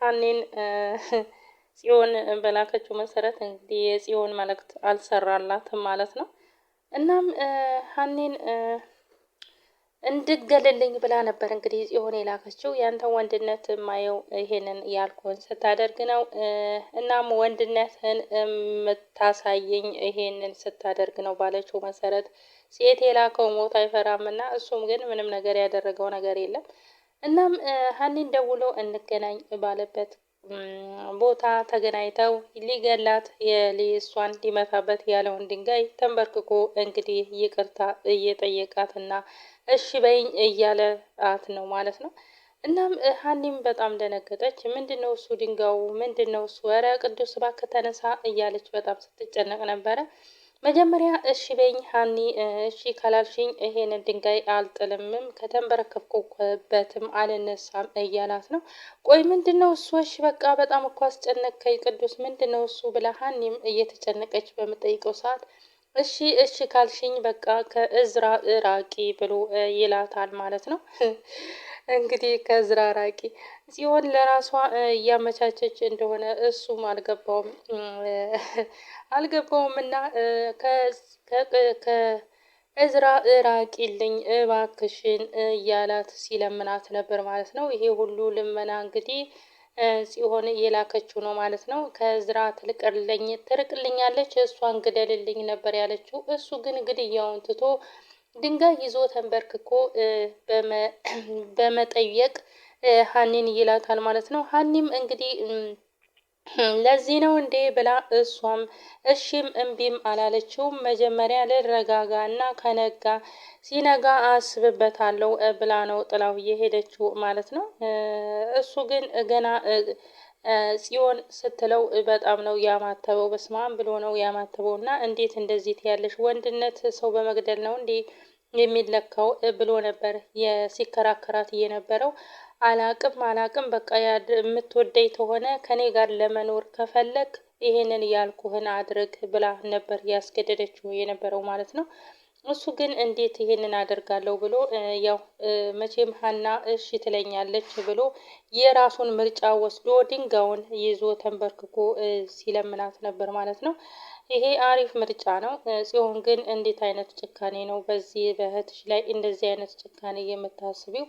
ሀኔን ጽዮን በላከችው መሰረት እንግዲህ የጽዮን መልእክት አልሰራላትም ማለት ነው። እናም ሀኔን እንድገልልኝ ብላ ነበር እንግዲህ ጽዮን የላከችው። ያንተ ወንድነት የማየው ይሄንን ያልኩህን ስታደርግ ነው። እናም ወንድነትን የምታሳየኝ ይሄንን ስታደርግ ነው ባለችው መሰረት ሴት የላከው ሞት አይፈራም እና እሱም ግን ምንም ነገር ያደረገው ነገር የለም። እናም ሀኒን ደውሎ እንገናኝ ባለበት ቦታ ተገናኝተው ሊገላት የሊሷን ሊመታበት ያለውን ድንጋይ ተንበርክኮ እንግዲህ ይቅርታ እየጠየቃትና እሺ በይኝ እያለ አት ነው ማለት ነው። እናም ሀኒም በጣም ደነገጠች። ምንድን ነው እሱ ድንጋዩ? ምንድን ነው እሱ? ኧረ ቅዱስ እባክህ ተነሳ እያለች በጣም ስትጨነቅ ነበረ። መጀመሪያ እሺ በኝ ሀኒ እሺ ካላልሽኝ ይሄንን ድንጋይ አልጥልምም ከተንበረከብኩበትም አልነሳም እያላት ነው። ቆይ ምንድን ነው እሱ? እሺ በቃ በጣም እኮ አስጨነቅከኝ ቅዱስ፣ ምንድን ነው እሱ ብላ ሀኒም እየተጨነቀች በምጠይቀው ሰዓት እሺ እሺ ካልሽኝ በቃ ከእዝራ እራቂ ብሎ ይላታል ማለት ነው። እንግዲህ ከዝራ ራቂ። ጽዮን ለራሷ እያመቻቸች እንደሆነ እሱም አልገባውም አልገባውም እና ከእዝራ ራቂልኝ እባክሽን እያላት ሲለምናት ነበር ማለት ነው። ይሄ ሁሉ ልመና እንግዲህ ጽዮን የላከችው ነው ማለት ነው። ከእዝራ ትልቅልኝ ትርቅልኛለች እሷን ግደልልኝ ነበር ያለችው። እሱ ግን ግድያውን ትቶ ድንጋይ ይዞ ተንበርክኮ በመጠየቅ ሀኒን ይላታል ማለት ነው። ሀኒም እንግዲህ ለዚህ ነው እንዴ ብላ እሷም እሺም እምቢም አላለችውም። መጀመሪያ ልረጋጋ እና ከነጋ ሲነጋ አስብበታለሁ ብላ ነው ጥላው የሄደችው ማለት ነው። እሱ ግን ገና ጽዮን ስትለው በጣም ነው ያማተበው። በስማም ብሎ ነው ያማተበው እና እንዴት እንደዚህ ትያለሽ? ወንድነት ሰው በመግደል ነው እንዴ የሚለካው ብሎ ነበር ሲከራከራት የነበረው። አላቅም አላቅም በቃ የምትወደኝ ከሆነ ከኔ ጋር ለመኖር ከፈለግ ይሄንን ያልኩህን አድርግ ብላ ነበር ያስገደደችው የነበረው ማለት ነው። እሱ ግን እንዴት ይሄንን አደርጋለሁ ብሎ ያው መቼም ሀና እሺ ትለኛለች ብሎ የራሱን ምርጫ ወስዶ ድንጋዩን ይዞ ተንበርክኮ ሲለምናት ነበር ማለት ነው። ይሄ አሪፍ ምርጫ ነው። ጽዮን ግን እንዴት አይነት ጭካኔ ነው በዚህ በእህትሽ ላይ እንደዚህ አይነት ጭካኔ የምታስቢው?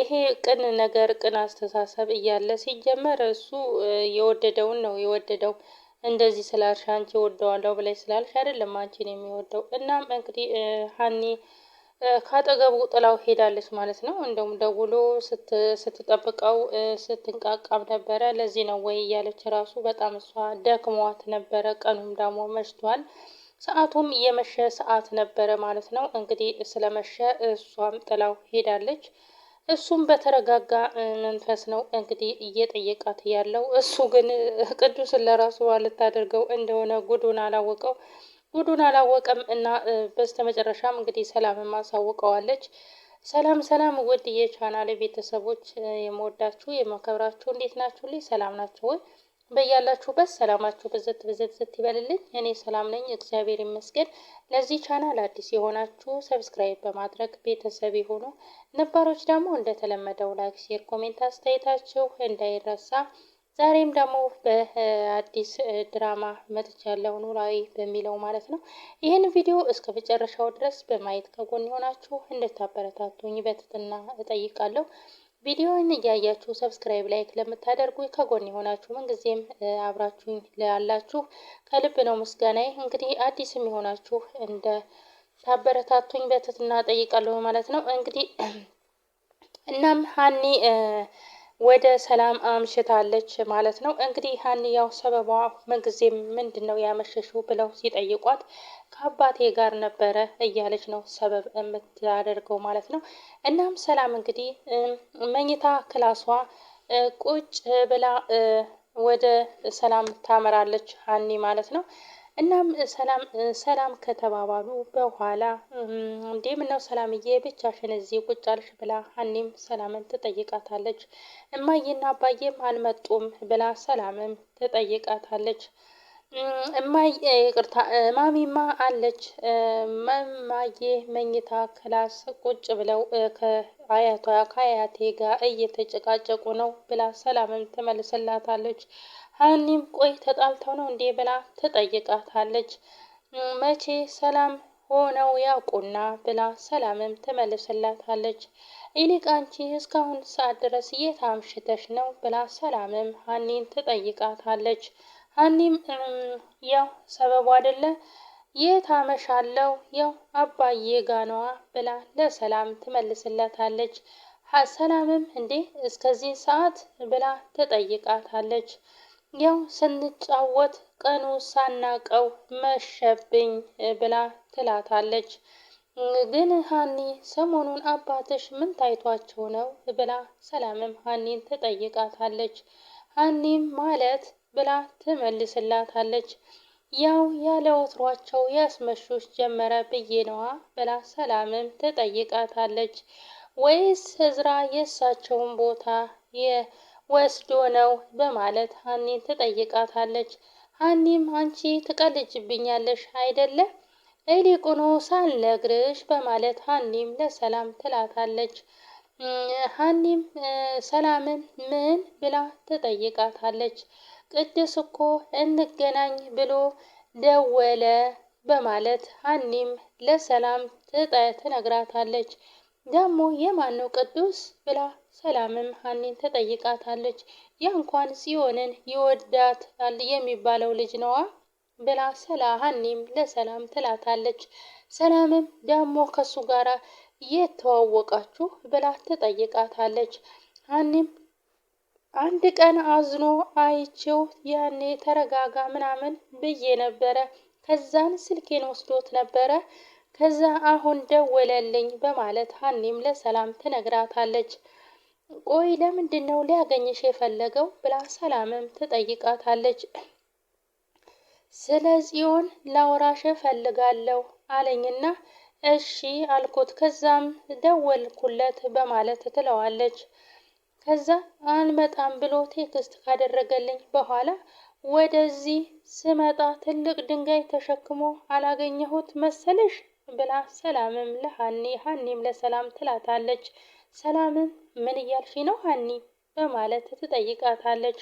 ይሄ ቅን ነገር ቅን አስተሳሰብ እያለ ሲጀመር እሱ የወደደውን ነው የወደደው እንደዚህ ስላልሽ አንቺ ወደዋለሁ ብለሽ ስላልሽ አይደለም አንቺን የሚወደው። እናም እንግዲህ ሀኒ ካጠገቡ ጥላው ሄዳለች ማለት ነው። እንደውም ደውሎ ስትጠብቀው ስትንቃቃም ነበረ። ለዚህ ነው ወይ እያለች ራሱ በጣም እሷ ደክሟት ነበረ። ቀኑም ደግሞ መሽቷል። ሰዓቱም የመሸ ሰዓት ነበረ ማለት ነው። እንግዲህ ስለመሸ እሷም ጥላው ሄዳለች። እሱም በተረጋጋ መንፈስ ነው እንግዲህ እየጠየቃት ያለው። እሱ ግን ቅዱስን ለራሱ ልታደርገው እንደሆነ ጉዱን አላወቀው ጉዱን አላወቀም እና በስተመጨረሻም እንግዲህ ሰላም ማሳውቀዋለች። ሰላም ሰላም፣ ውድ የቻናል ቤተሰቦች የመወዳችሁ የማከብራችሁ እንዴት ናችሁ? ላይ ሰላም ናቸው ወይ? በያላችሁበት ሰላማችሁ ብዝት ብዝት ይበልልኝ። እኔ ሰላም ነኝ፣ እግዚአብሔር ይመስገን። ለዚህ ቻናል አዲስ የሆናችሁ ሰብስክራይብ በማድረግ ቤተሰብ የሆኑ ነባሮች ደግሞ እንደተለመደው ላይክ፣ ሼር፣ ኮሜንት አስተያየታችሁ እንዳይረሳ። ዛሬም ደግሞ በአዲስ ድራማ መጥቻለሁ፣ ኖላዊ በሚለው ማለት ነው። ይህን ቪዲዮ እስከ መጨረሻው ድረስ በማየት ከጎን የሆናችሁ እንድታበረታቱኝ በትህትና እጠይቃለሁ። ቪዲዮውን እያያችሁ ሰብስክራይብ፣ ላይክ ለምታደርጉ ከጎን የሆናችሁ ምንጊዜም አብራችሁኝ ላላችሁ ከልብ ነው ምስጋናዬ። እንግዲህ አዲስም የሆናችሁ እንደ ታበረታቱኝ በትህትና ጠይቃለሁ ማለት ነው። እንግዲህ እናም ሀኒ ወደ ሰላም አምሽታለች ማለት ነው። እንግዲህ ሀኒ ያው ሰበቧ ምንጊዜም ምንድን ነው ያመሸሹ ብለው ሲጠይቋት ከአባቴ ጋር ነበረ እያለች ነው ሰበብ የምታደርገው ማለት ነው። እናም ሰላም እንግዲህ መኝታ ክላሷ ቁጭ ብላ ወደ ሰላም ታመራለች ሀኒ ማለት ነው። እናም ሰላም ሰላም ከተባባሉ በኋላ እንዴ ምነው ሰላምዬ ብቻሽን እዚህ ቁጭ አልሽ? ብላ ሀኒም ሰላምን ትጠይቃታለች። እማዬና አባዬም አልመጡም ብላ ሰላምም ትጠይቃታለች። እማዬ ይቅርታ ማሚማ አለች። መማዬ መኝታ ክላስ ቁጭ ብለው ከአያቷ ከአያቴ ጋር እየተጨቃጨቁ ነው ብላ ሰላምም ትመልስላታለች። ሀኒም ቆይ ተጣልተው ነው እንዴ ብላ ትጠይቃታለች። መቼ ሰላም ሆነው ያውቁና ብላ ሰላምም ትመልስላታለች። ይልቅ አንቺ እስካሁን ሰዓት ድረስ የት አምሽተሽ ነው ብላ ሰላምም ሀኒን ትጠይቃታለች። ሀኒም ያው ሰበቡ አይደለ የት አመሻለሁ ያው አባዬ ጋ ነዋ ብላ ለሰላም ትመልስላታለች። ሰላምም እንዴ እስከዚህ ሰዓት ብላ ትጠይቃታለች። ያው ስንጫወት ቀኑ ሳናቀው መሸብኝ ብላ ትላታለች። ግን ሀኒ ሰሞኑን አባትሽ ምን ታይቷቸው ነው ብላ ሰላምም ሀኒን ትጠይቃታለች። ሀኒም ማለት ብላ ትመልስላታለች። ያው ያለ ወትሯቸው ያስመሹሽ ጀመረ ብዬ ነዋ ብላ ሰላምም ትጠይቃታለች። ወይስ እዝራ የእሳቸውን ቦታ ወስዶ ነው በማለት ሀኒን ትጠይቃታለች። ሀኒም አንቺ ትቀልጅብኛለሽ አይደለ እሊቁኑ ሳልነግርሽ በማለት ሀኒም ለሰላም ትላታለች። ሀኒም ሰላምን ምን ብላ ትጠይቃታለች። ቅዱስ እኮ እንገናኝ ብሎ ደወለ በማለት ሀኒም ለሰላም ትነግራታለች። ደግሞ ነው ቅዱስ ብላ ሰላምም ሀኒን ትጠይቃታለች። ያ እንኳን ጽዮንን ይወዳታል የሚባለው ልጅ ነዋ ብላ ሰላ ሀኒም ለሰላም ትላታለች። ሰላምም ደግሞ ከሱ ጋር የተዋወቃችሁ ብላ ትጠይቃታለች። ሀኒም አንድ ቀን አዝኖ አይቼው ያኔ ተረጋጋ ምናምን ብዬ ነበረ። ከዛን ስልኬን ወስዶት ነበረ። ከዛ አሁን ደወለልኝ በማለት ሀኒም ለሰላም ትነግራታለች። ቆይ ለምንድን ነው ሊያገኝሽ የፈለገው ብላ ሰላምም ትጠይቃታለች። ስለ ጽዮን ላውራሽ እፈልጋለሁ አለኝና እሺ አልኩት። ከዛም ደወልኩለት በማለት ትለዋለች። ከዛ አልመጣም ብሎ ቴክስት ካደረገልኝ በኋላ ወደዚህ ስመጣ ትልቅ ድንጋይ ተሸክሞ አላገኘሁት መሰለሽ ብላ ሰላምም ለሀኒ ሀኒም ለሰላም ትላታለች። ሰላምም ምን እያልሽ ነው ሀኒ በማለት ትጠይቃታለች።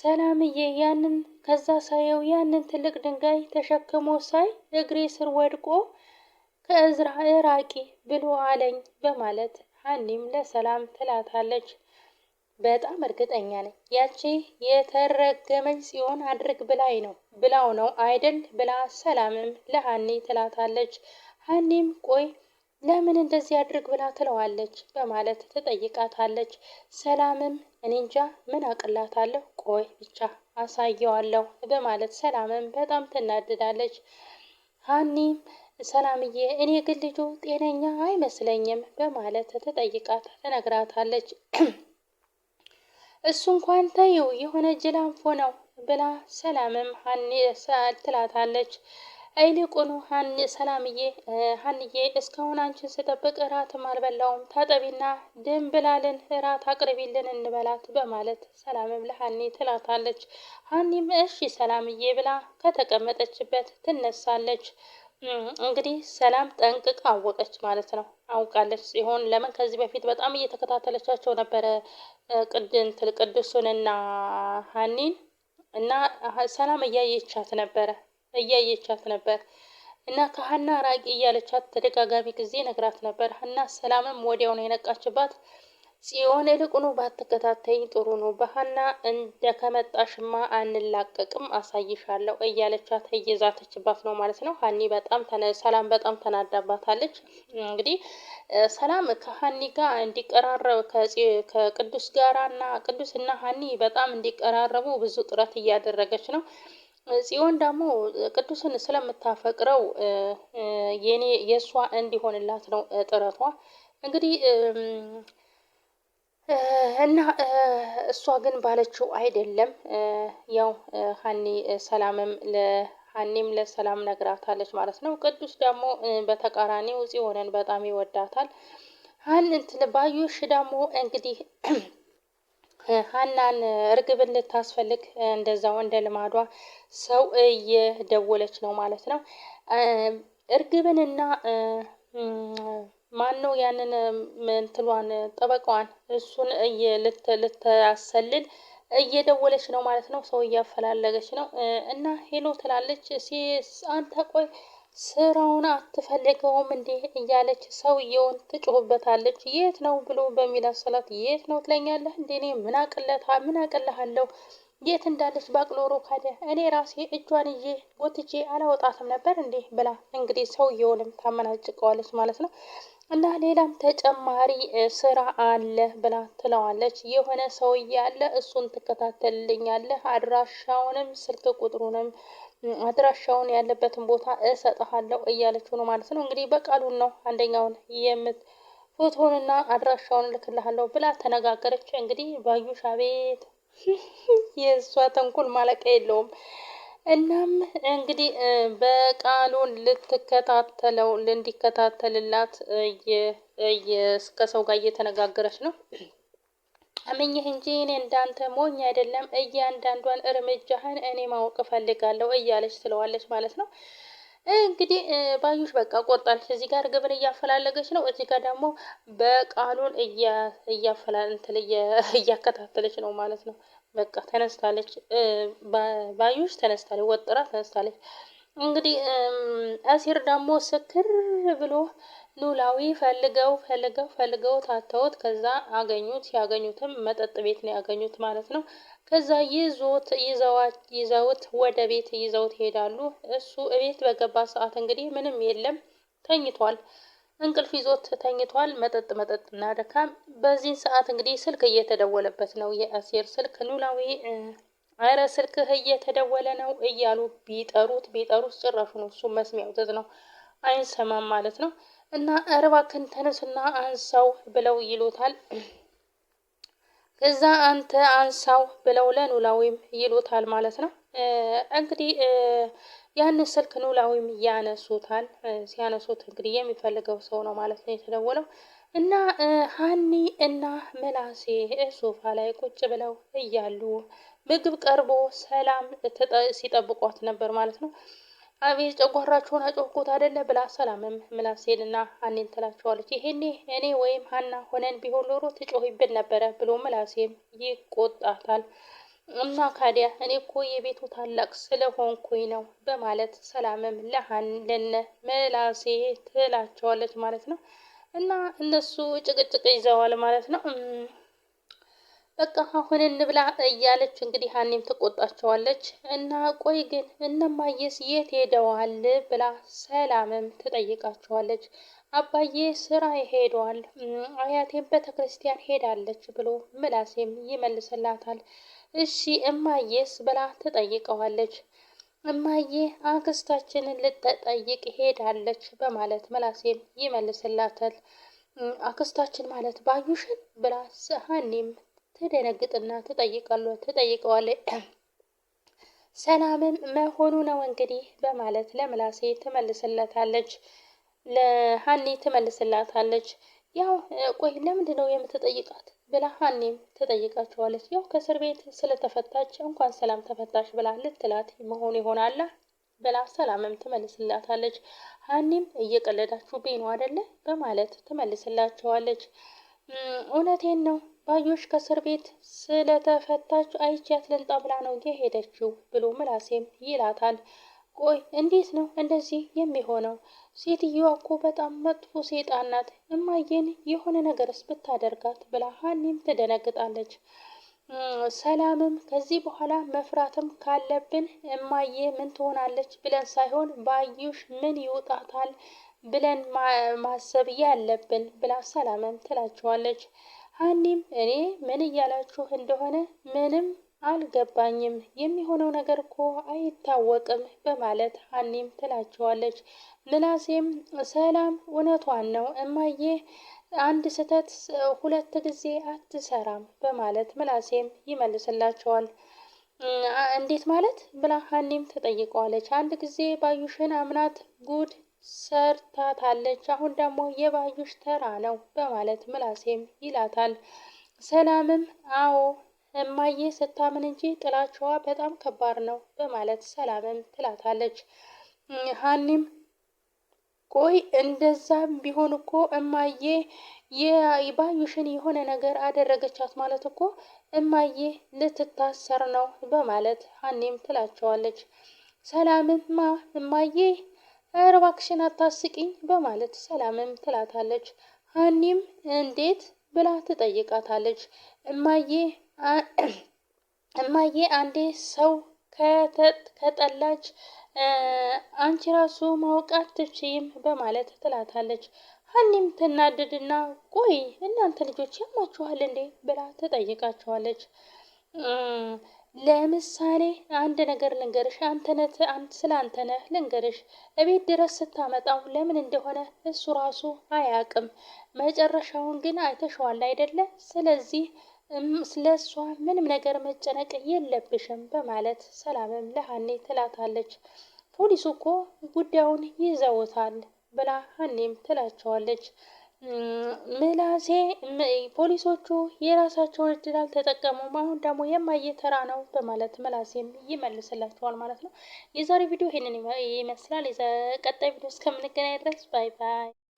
ሰላምዬ ያንን ከዛ ሳየው ያንን ትልቅ ድንጋይ ተሸክሞ ሳይ እግሬ ስር ወድቆ ከእዝራ እራቂ ብሎ አለኝ በማለት ሀኒም ለሰላም ትላታለች። በጣም እርግጠኛ ነኝ ያቺ የተረገመች ጽዮን አድርግ ብላይ ነው ብላው ነው አይደል ብላ ሰላምም ለሀኒ ትላታለች። ሀኒም ቆይ ለምን እንደዚህ አድርግ ብላ ትለዋለች በማለት ትጠይቃታለች። ሰላምም እኔ እንጃ ምን አቅላታለሁ፣ ቆይ ብቻ አሳየዋለሁ በማለት ሰላምም በጣም ትናድዳለች። ሀኒም ሰላምዬ እኔ ግን ልጁ ጤነኛ አይመስለኝም በማለት ተጠይቃት ትነግራታለች። እሱ እንኳን ተይው የሆነ ጅላንፎ ነው ብላ ሰላምም ሀኒ ትላታለች። ይልቁኑ ሰላምዬ ሀንዬ እስካሁን አንቺን ስጠብቅ እራትም አልበላውም ታጠቢና ብላልን እራት አቅርቢልን እንበላት በማለት ሰላምም ለሀኒ ትላታለች። ሀኒም እሺ ሰላምዬ ብላ ከተቀመጠችበት ትነሳለች። እንግዲህ ሰላም ጠንቅቃ አወቀች ማለት ነው። አውቃለች ሲሆን ለምን ከዚህ በፊት በጣም እየተከታተለቻቸው ነበረ ቅድን እና ሀኒን እና ሰላም እያየቻት ነበረ እያየቻት ነበር እና ከሀና ራቂ እያለቻት ተደጋጋሚ ጊዜ ነግራት ነበር እና ሰላምም ወዲያው ነው የነቃችባት። ጽዮን ይልቁኑ ባትከታተይ ጥሩ ነው። በሀና እንደ ከመጣሽማ አንላቀቅም አሳይሻለሁ እያለቻት እየዛተችባት ነው ማለት ነው። ሀኒ በጣም ሰላም በጣም ተናዳባታለች። እንግዲህ ሰላም ከሀኒ ጋር እንዲቀራረብ ከቅዱስ ጋራና ቅዱስ እና ሀኒ በጣም እንዲቀራረቡ ብዙ ጥረት እያደረገች ነው። ጽዮን ደግሞ ቅዱስን ስለምታፈቅረው የኔ የእሷ እንዲሆንላት ነው ጥረቷ እንግዲህ እና እሷ ግን ባለችው አይደለም። ያው ሀኒ ሰላምም ሀኒም ለሰላም ነግራታለች ማለት ነው። ቅዱስ ደግሞ በተቃራኒው ሆነን በጣም ይወዳታል። ሀን እንትን ባዩሽ ደግሞ እንግዲህ ሀናን እርግብን ልታስፈልግ እንደዛው እንደ ልማዷ ሰው እየደወለች ነው ማለት ነው እና ማን ነው ያንን ምንትሏን ጠበቃዋን እሱን ልታሰልል እየደወለች ነው ማለት ነው። ሰው እያፈላለገች ነው እና ሄሎ ትላለች። አንተ ቆይ ስራውን አትፈልገውም እንዲህ እያለች ሰውየውን ትጮህበታለች። የት ነው ብሎ በሚላት ሰላት የት ነው ትለኛለህ እንዴ? እኔ ምን አቅለታ ምን አቅልሃለሁ የት እንዳለች ባቅ ኖሮ እኔ ራሴ እጇን ይዤ ጎትቼ አላወጣትም ነበር እንዴ ብላ እንግዲህ ሰውየውንም ታመናጭቀዋለች ማለት ነው። እና ሌላም ተጨማሪ ስራ አለ ብላ ትለዋለች። የሆነ ሰውዬ አለ እሱን ትከታተልልኛለህ፣ አድራሻውንም ስልክ ቁጥሩንም አድራሻውን ያለበትን ቦታ እሰጥሃለሁ እያለች ነው ማለት ነው። እንግዲህ በቃሉን ነው አንደኛውን የምት ፎቶንና አድራሻውን ልክልሃለሁ ብላ ተነጋገረች። እንግዲህ ባዩሽ አቤት የእሷ ተንኮል ማለቂያ የለውም። እናም እንግዲህ በቃሉን ልትከታተለው እንዲከታተልላት እስከ ሰው ጋር እየተነጋገረች ነው። አምኜህ እንጂ እኔ እንዳንተ ሞኝ አይደለም፣ እያንዳንዷን እርምጃህን እኔ ማወቅ እፈልጋለሁ እያለች ትለዋለች ማለት ነው። እንግዲህ ባዩሽ በቃ ቆጣለች። እዚህ ጋር ግብር እያፈላለገች ነው፣ እዚህ ጋር ደግሞ በቃሉን እያፈላ እንትን እያከታተለች ነው ማለት ነው። በቃ ተነስታለች። ባዩሽ ተነስታለች፣ ወጥራ ተነስታለች። እንግዲህ አሲር ደግሞ ስክር ብሎ ኖላዊ ፈልገው ፈልገው ፈልገው ታተውት ከዛ አገኙት። ያገኙትም መጠጥ ቤት ነው ያገኙት ማለት ነው። ከዛ ይዞት ይዘውት ወደ ቤት ይዘውት ይሄዳሉ። እሱ እቤት በገባ ሰዓት እንግዲህ ምንም የለም ተኝቷል። እንቅልፍ ይዞት ተኝቷል። መጠጥ መጠጥ እና ድካም። በዚህን ሰዓት እንግዲህ ስልክ እየተደወለበት ነው። የአሴር ስልክ ኖላዊ አረ ስልክህ እየተደወለ ነው እያሉ ቢጠሩት ቢጠሩት ጭራሹን እሱ መስሚያው ትዝ ነው አይንሰማም ማለት ነው። እና አረ እባክህን ተነስና አንሳው ብለው ይሉታል። ከዛ አንተ አንሳው ብለው ለኖላዊም ይሉታል ማለት ነው እንግዲህ ያንን ስልክ ኖላዊም ያነሱታል። ሲያነሱት እንግዲህ የሚፈልገው ሰው ነው ማለት ነው የተደወለው እና ሀኒ እና መላሴ ሶፋ ላይ ቁጭ ብለው እያሉ ምግብ ቀርቦ ሰላም ሲጠብቋት ነበር ማለት ነው። አቤት ጨጓራችሁን አጮኩት አደለ ብላ ሰላምም ምላሴን እና ሀኒን ትላቸዋለች። ይሄኔ እኔ ወይም ሀና ሆነን ቢሆን ኖሮ ትጮህብን ነበረ ብሎ ምላሴም ይቆጣታል። እና ካዲያ እኔ እኮ የቤቱ ታላቅ ስለሆንኩኝ ነው በማለት ሰላምም ለሀን ለነ መላሴ ትላቸዋለች ማለት ነው። እና እነሱ ጭቅጭቅ ይዘዋል ማለት ነው። በቃ አሁን እንብላ እያለች እንግዲህ ሀኔም ትቆጣቸዋለች። እና ቆይ ግን እነማየስ የት ሄደዋል ብላ ሰላምም ትጠይቃቸዋለች። አባዬ ስራ ሄደዋል፣ አያቴም ቤተክርስቲያን ሄዳለች ብሎ ምላሴም ይመልስላታል። እሺ እማዬስ ብላ ትጠይቀዋለች። እማዬ አክስታችንን ልትጠይቅ ሄዳለች በማለት ምላሴም ይመልስላታል። አክስታችን ማለት ባዩሽን ብላ ሀኒም ትደነግጥና ትጠይቀዋለች። ሰላምም መሆኑ ነው እንግዲህ በማለት ለምላሴ ትመልስለታለች። ለሀኒ ትመልስላታለች። ያው ቆይ ለምንድን ነው የምትጠይቃት ብላ ሀኒም ትጠይቃቸዋለች። ያው ከእስር ቤት ስለተፈታች እንኳን ሰላም ተፈታሽ ብላ ልትላት መሆኑ ይሆናላ ብላ ሰላምም ትመልስላታለች። ሀኒም እየቀለዳችሁ ቤኑ አደለ በማለት ትመልስላቸዋለች። እውነቴን ነው ባዮሽ ከእስር ቤት ስለተፈታች አይቻት ልንጣ ብላ ነው የሄደችው ብሎ ምላሴም ይላታል። ቆይ እንዴት ነው እንደዚህ የሚሆነው? ሴትየዋ እኮ በጣም መጥፎ ሴጣን ናት። እማዬን የሆነ ነገርስ ብታደርጋት ብላ ሀኒም ትደነግጣለች። ሰላምም ከዚህ በኋላ መፍራትም ካለብን እማዬ ምን ትሆናለች ብለን ሳይሆን ባዩሽ ምን ይውጣታል ብለን ማሰብ ያለብን ብላ ሰላምም ትላቸዋለች። ሀኒም እኔ ምን እያላችሁ እንደሆነ ምንም አልገባኝም የሚሆነው ነገር እኮ አይታወቅም በማለት ሀኒም ትላቸዋለች። ምናሴም ሰላም እውነቷን ነው እማዬ አንድ ስህተት ሁለት ጊዜ አትሰራም በማለት ምናሴም ይመልስላቸዋል። እንዴት ማለት ብላ ሀኒም ትጠይቀዋለች። አንድ ጊዜ ባዩሽን አምናት ጉድ ሰርታታለች። አሁን ደግሞ የባዩሽ ተራ ነው በማለት ምናሴም ይላታል። ሰላምም አዎ እማዬ ስታምን እንጂ ጥላቸዋ በጣም ከባድ ነው በማለት ሰላምም ትላታለች። ሀኒም ቆይ እንደዛ ቢሆን እኮ እማዬ የባዩሽን የሆነ ነገር አደረገቻት ማለት እኮ እማዬ ልትታሰር ነው በማለት ሀኒም ትላቸዋለች። ሰላምም ማ እማዬ እባክሽን አታስቂኝ በማለት ሰላምም ትላታለች። ሀኒም እንዴት ብላ ትጠይቃታለች። እማዬ እማዬ አንዴ ሰው ከጠላች አንቺ ራሱ ማወቅ አትችይም በማለት ትላታለች። ሀኒም ትናደድና ቆይ እናንተ ልጆች ያማችኋል እንዴ ብላ ትጠይቃቸዋለች። ለምሳሌ አንድ ነገር ልንገርሽ፣ አንተነት ስለ አንተነህ ልንገርሽ። እቤት ድረስ ስታመጣው ለምን እንደሆነ እሱ ራሱ አያውቅም። መጨረሻውን ግን አይተሸዋል አይደለ? ስለዚህ ስለሷ ምንም ነገር መጨነቅ የለብሽም በማለት ሰላምም ለሀኔ ትላታለች። ፖሊሱ እኮ ጉዳዩን ይዘውታል ብላ ሀኔም ትላቸዋለች። ምላሴ ፖሊሶቹ የራሳቸውን እድል አልተጠቀሙም፣ አሁን ደግሞ የማየ ተራ ነው በማለት ምላሴም ይመልስላቸዋል ማለት ነው። የዛሬ ቪዲዮ ይህንን ይመስላል። ቀጣይ ቪዲዮ እስከምንገናኝ ድረስ ባይ ባይ።